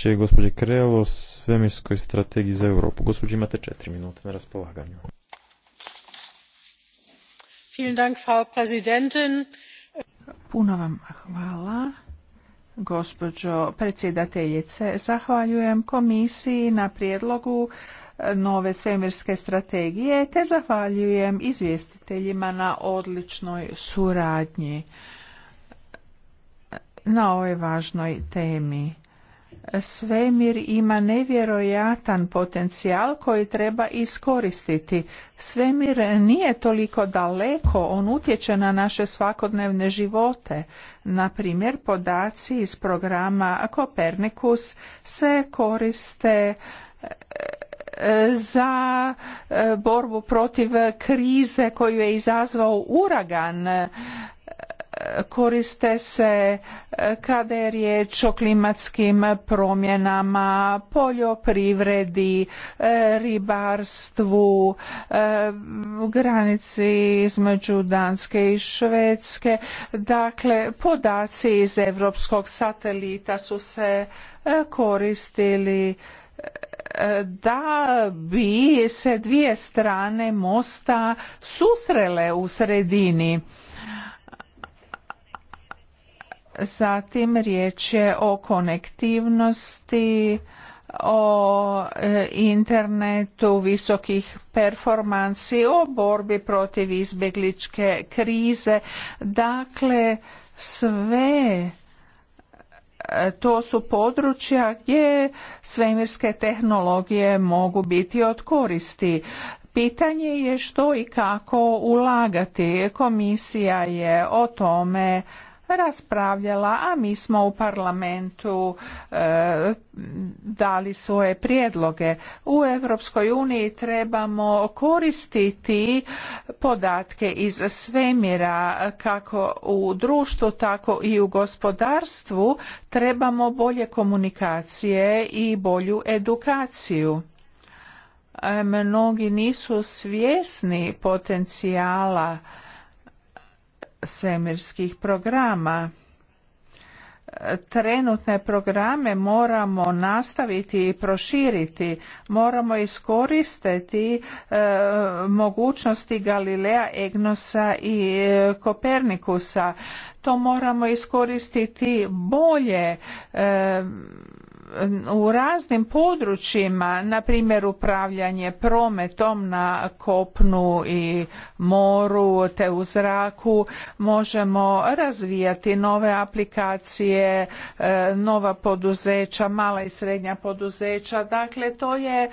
će gospođe Krelo o svemirskoj strategiji za Europu. Gospođe, imate četiri minute na raspolaganju. Puno vam hvala, gospođo predsjedateljice. Zahvaljujem komisiji na prijedlogu e, nove svemirske strategije te zahvaljujem izvjestiteljima na odličnoj suradnji na ovoj važnoj temi. Svemir ima nevjerojatan potencijal koji treba iskoristiti. Svemir nije toliko daleko, on utječe na naše svakodnevne živote. Na primjer, podaci iz programa Kopernikus se koriste e, za e, borbu protiv krize koju je izazvao uragan koriste se e, kada je riječ o klimatskim promjenama, poljoprivredi, e, ribarstvu, e, granici između Danske i Švedske. Dakle, podaci iz europskog satelita su se koristili da bi se dvije strane mosta susrele u sredini Zatim riječ je o konektivnosti, o e, internetu visokih performansi, o borbi protiv izbjegličke krize. Dakle, sve e, to su područja gdje svemirske tehnologije mogu biti od koristi. Pitanje je što i kako ulagati. Komisija je o tome raspravljala, a mi smo u parlamentu e, dali svoje prijedloge. U Europskoj uniji trebamo koristiti podatke iz svemira kako u društvu, tako i u gospodarstvu trebamo bolje komunikacije i bolju edukaciju e, mnogi nisu svjesni potencijala svemirskih programa. Trenutne programe moramo nastaviti i proširiti, moramo iskoristiti e, mogućnosti Galilea, Egnosa i e, Kopernikusa. To moramo iskoristiti bolje. E, u raznim područjima, na primjer upravljanje prometom na kopnu i moru te u zraku, možemo razvijati nove aplikacije, e, nova poduzeća, mala i srednja poduzeća. Dakle, to je e,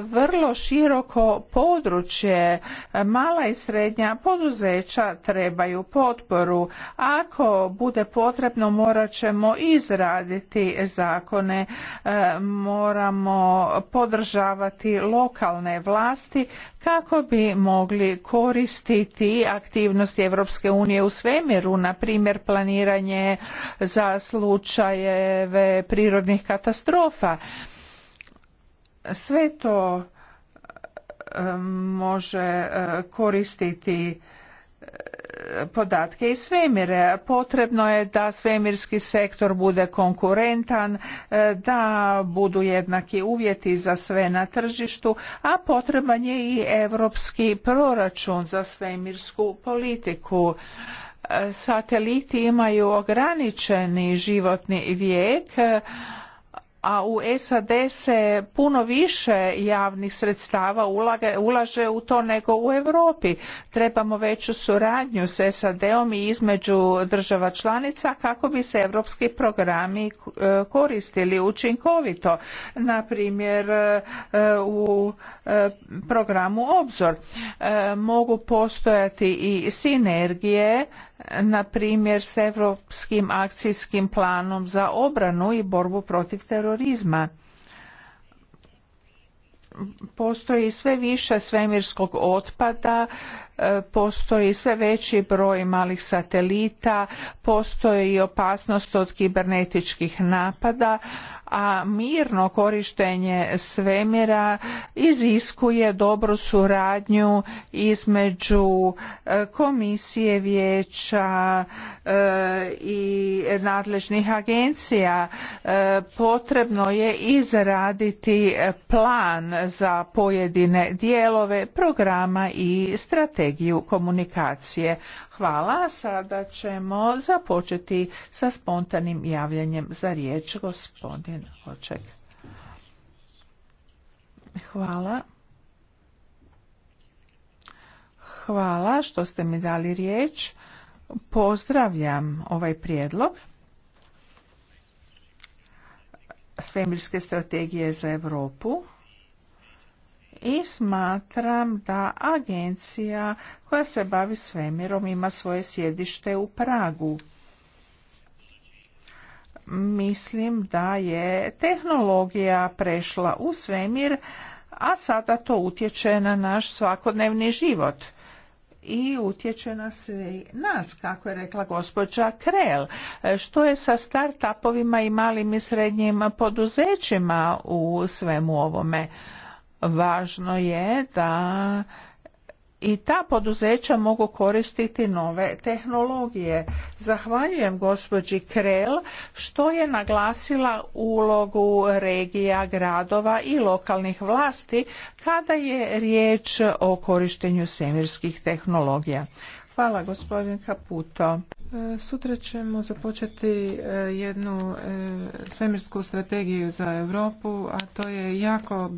vrlo široko područje. Mala i srednja poduzeća trebaju potporu. Ako bude potrebno, morat ćemo izraditi zakone E, moramo podržavati lokalne vlasti kako bi mogli koristiti aktivnosti Europske unije u svemiru, na primjer planiranje za slučajeve prirodnih katastrofa. Sve to e, može e, koristiti podatke i svemire. Potrebno je da svemirski sektor bude konkurentan, da budu jednaki uvjeti za sve na tržištu, a potreban je i europski proračun za svemirsku politiku sateliti imaju ograničeni životni vijek a u SAD se puno više javnih sredstava ulaže u to nego u Europi. Trebamo veću suradnju s SAD-om i između država članica kako bi se europski programi eh, koristili učinkovito. Na primjer eh, u eh, programu Obzor mogu postojati i sinergije na primjer s europskim akcijskim planom za obranu i borbu protiv terorizma postoji sve više svemirskog otpada E, postoji sve veći broj malih satelita, postoji i opasnost od kibernetičkih napada, a mirno korištenje svemira iziskuje dobru suradnju između e, komisije vijeća e, i nadležnih agencija potrebno je izraditi plan za pojedine dijelove programa i strategije strategiju komunikacije. Hvala, sada ćemo započeti sa spontanim javljanjem za riječ gospodin Oček. Hvala. Hvala što ste mi dali riječ. Pozdravljam ovaj prijedlog svemirske strategije za Europu i smatram da agencija koja se bavi svemirom ima svoje sjedište u Pragu. Mislim da je tehnologija prešla u svemir, a sada to utječe na naš svakodnevni život i utječe na sve nas, kako je rekla gospođa Krel. Što je sa startupovima i malim i srednjim poduzećima u svemu ovome? Važno je da i ta poduzeća mogu koristiti nove tehnologije. Zahvaljujem gospođi Krel što je naglasila ulogu regija, gradova i lokalnih vlasti kada je riječ o korištenju svemirskih tehnologija. Hvala gospodin Kaputo. E, sutra ćemo započeti e, jednu e, svemirsku strategiju za Europu, a to je jako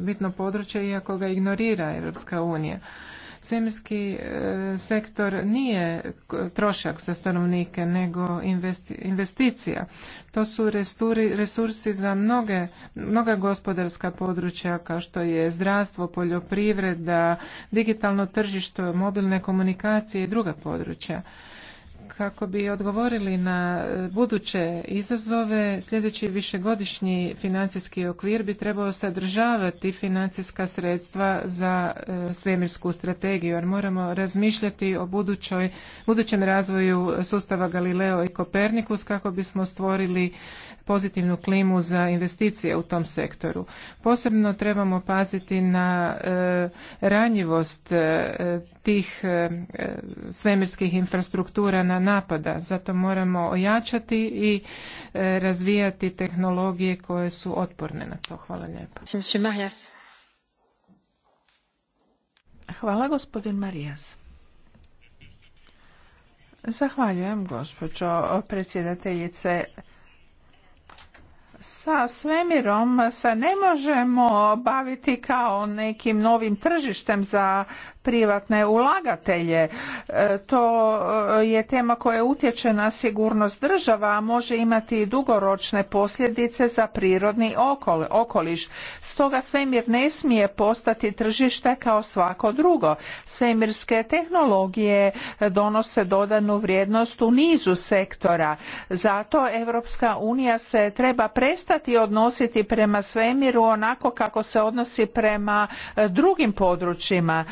bitno područje iako ga ignorira Europska unija. Svemirski e, sektor nije trošak za stanovnike, nego investicija. To su resursi za mnoge, mnoga gospodarska područja kao što je zdravstvo, poljoprivreda, digitalno tržište, mobilne komunikacije i druga područja kako bi odgovorili na e, buduće izazove, sljedeći višegodišnji financijski okvir bi trebao sadržavati financijska sredstva za e, svemirsku strategiju, jer moramo razmišljati o budućoj, budućem razvoju sustava Galileo i Kopernikus kako bismo stvorili pozitivnu klimu za investicije u tom sektoru. Posebno trebamo paziti na e, ranjivost tih e, e, svemirskih infrastruktura na napada. Zato moramo ojačati i e, razvijati tehnologije koje su otporne na to. Hvala lijepo. Hvala gospodin Marijas. Zahvaljujem gospođo predsjedateljice sa svemirom se ne možemo baviti kao nekim novim tržištem za privatne ulagatelje. E, to e, je tema koja utječe na sigurnost država, a može imati i dugoročne posljedice za prirodni okoliš. Stoga svemir ne smije postati tržište kao svako drugo. Svemirske tehnologije donose dodanu vrijednost u nizu sektora. Zato Europska unija se treba prestati odnositi prema svemiru onako kako se odnosi prema e, drugim područjima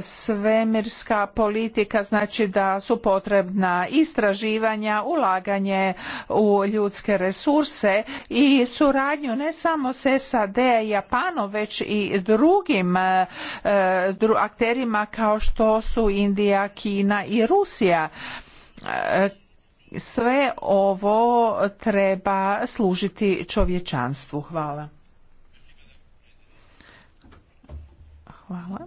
svemirska politika znači da su potrebna istraživanja, ulaganje u ljudske resurse i suradnju ne samo s SAD i Japanom već i drugim e, akterima kao što su Indija, Kina i Rusija e, sve ovo treba služiti čovječanstvu. Hvala. Hvala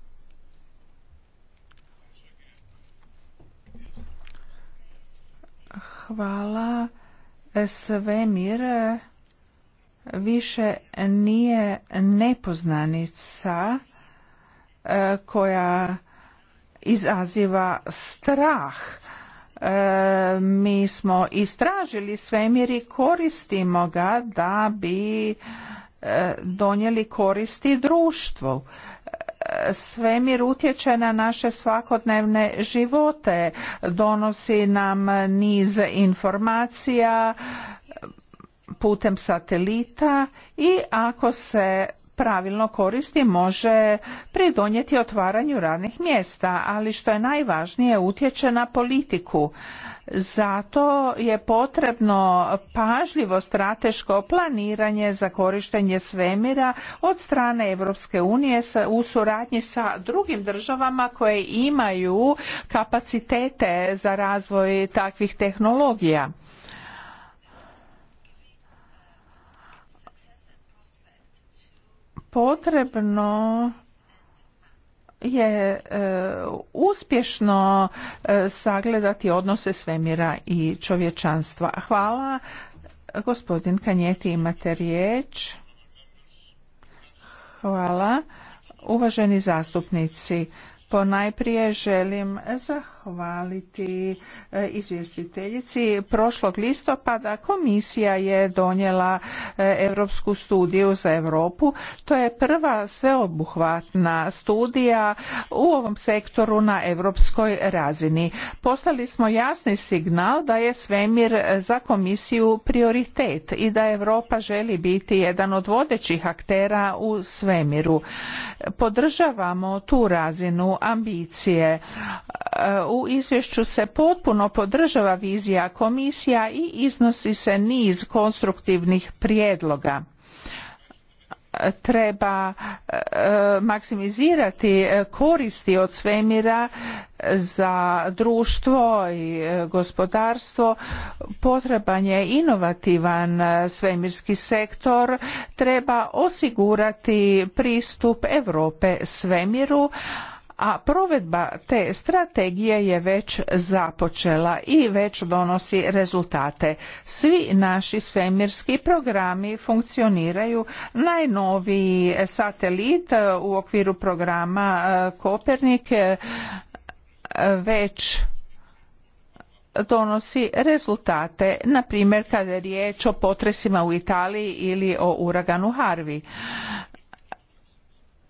Hvala. Svemir više nije nepoznanica e, koja izaziva strah. E, mi smo istražili svemir i koristimo ga da bi e, donijeli koristi društvu svemir utječe na naše svakodnevne živote, donosi nam niz informacija putem satelita i ako se pravilno koristi može pridonijeti otvaranju radnih mjesta, ali što je najvažnije utječe na politiku. Zato je potrebno pažljivo strateško planiranje za korištenje svemira od strane Europske unije u suradnji sa drugim državama koje imaju kapacitete za razvoj takvih tehnologija. Potrebno je e, uspješno e, sagledati odnose svemira i čovječanstva. Hvala. Gospodin Kanjeti, imate riječ. Hvala. Uvaženi zastupnici, Ponajprije želim zahvaliti e, izvjestiteljici. Prošlog listopada komisija je donijela e, Europsku studiju za Europu. To je prva sveobuhvatna studija u ovom sektoru na europskoj razini. Poslali smo jasni signal da je svemir za komisiju prioritet i da Europa želi biti jedan od vodećih aktera u svemiru. Podržavamo tu razinu ambicije. E, u izvješću se potpuno podržava vizija komisija i iznosi se niz konstruktivnih prijedloga treba e, maksimizirati koristi od svemira za društvo i e, gospodarstvo potreban je inovativan svemirski sektor treba osigurati pristup Europe svemiru a provedba te strategije je već započela i već donosi rezultate. Svi naši svemirski programi funkcioniraju. Najnoviji satelit u okviru programa e, Kopernik e, već donosi rezultate, na primjer kada je riječ o potresima u Italiji ili o uraganu Harvi.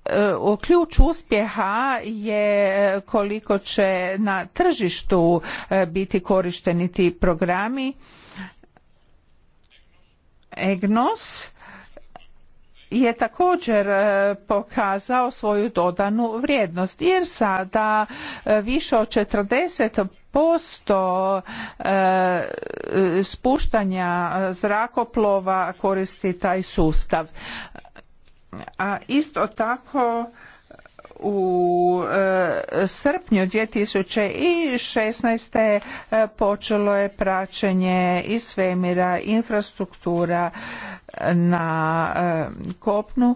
E, ključ uspjeha je e, koliko će na tržištu e, biti korišteni ti programi EGNOS je također pokazao svoju dodanu vrijednost jer sada više od 40 posto spuštanja zrakoplova koristi taj sustav a isto tako u e, srpnju 2016. E, počelo je praćenje i svemira infrastruktura na e, kopnu.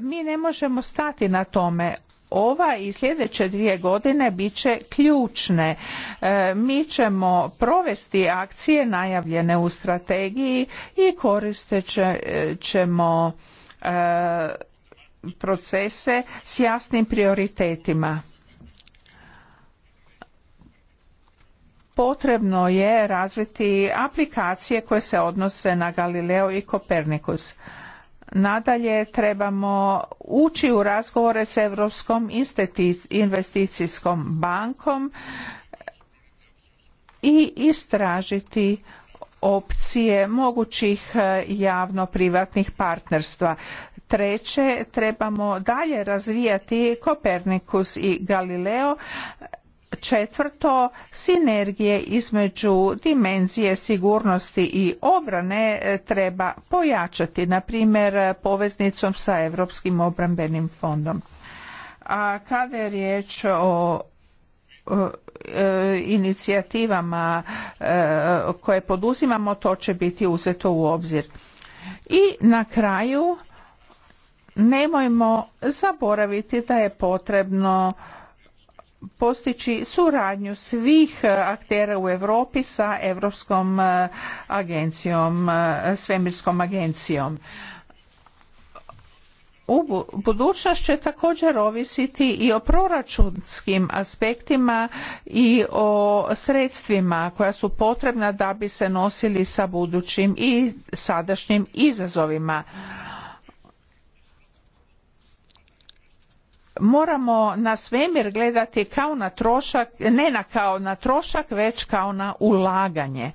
Mi ne možemo stati na tome. Ova i sljedeće dvije godine bit će ključne. Mi ćemo provesti akcije najavljene u strategiji i koristit ćemo E, procese s jasnim prioritetima. Potrebno je razviti aplikacije koje se odnose na Galileo i Kopernikus. Nadalje trebamo ući u razgovore s Europskom investicijskom bankom i istražiti opcije mogućih e, javno-privatnih partnerstva. Treće, trebamo dalje razvijati Kopernikus i Galileo. Četvrto, sinergije između dimenzije sigurnosti i obrane e, treba pojačati, na primjer poveznicom sa Europskim obrambenim fondom. A kada je riječ o E, inicijativama e, koje poduzimamo to će biti uzeto u obzir. I na kraju nemojmo zaboraviti da je potrebno postići suradnju svih aktera u Europi sa Europskom e, agencijom, svemirskom agencijom u budućnost će također ovisiti i o proračunskim aspektima i o sredstvima koja su potrebna da bi se nosili sa budućim i sadašnjim izazovima moramo na svemir gledati kao na trošak, ne na kao na trošak, već kao na ulaganje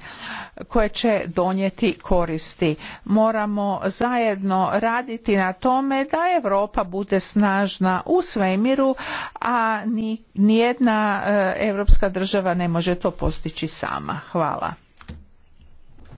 koje će donijeti koristi. Moramo zajedno raditi na tome da Europa bude snažna u svemiru, a ni, nijedna europska država ne može to postići sama. Hvala.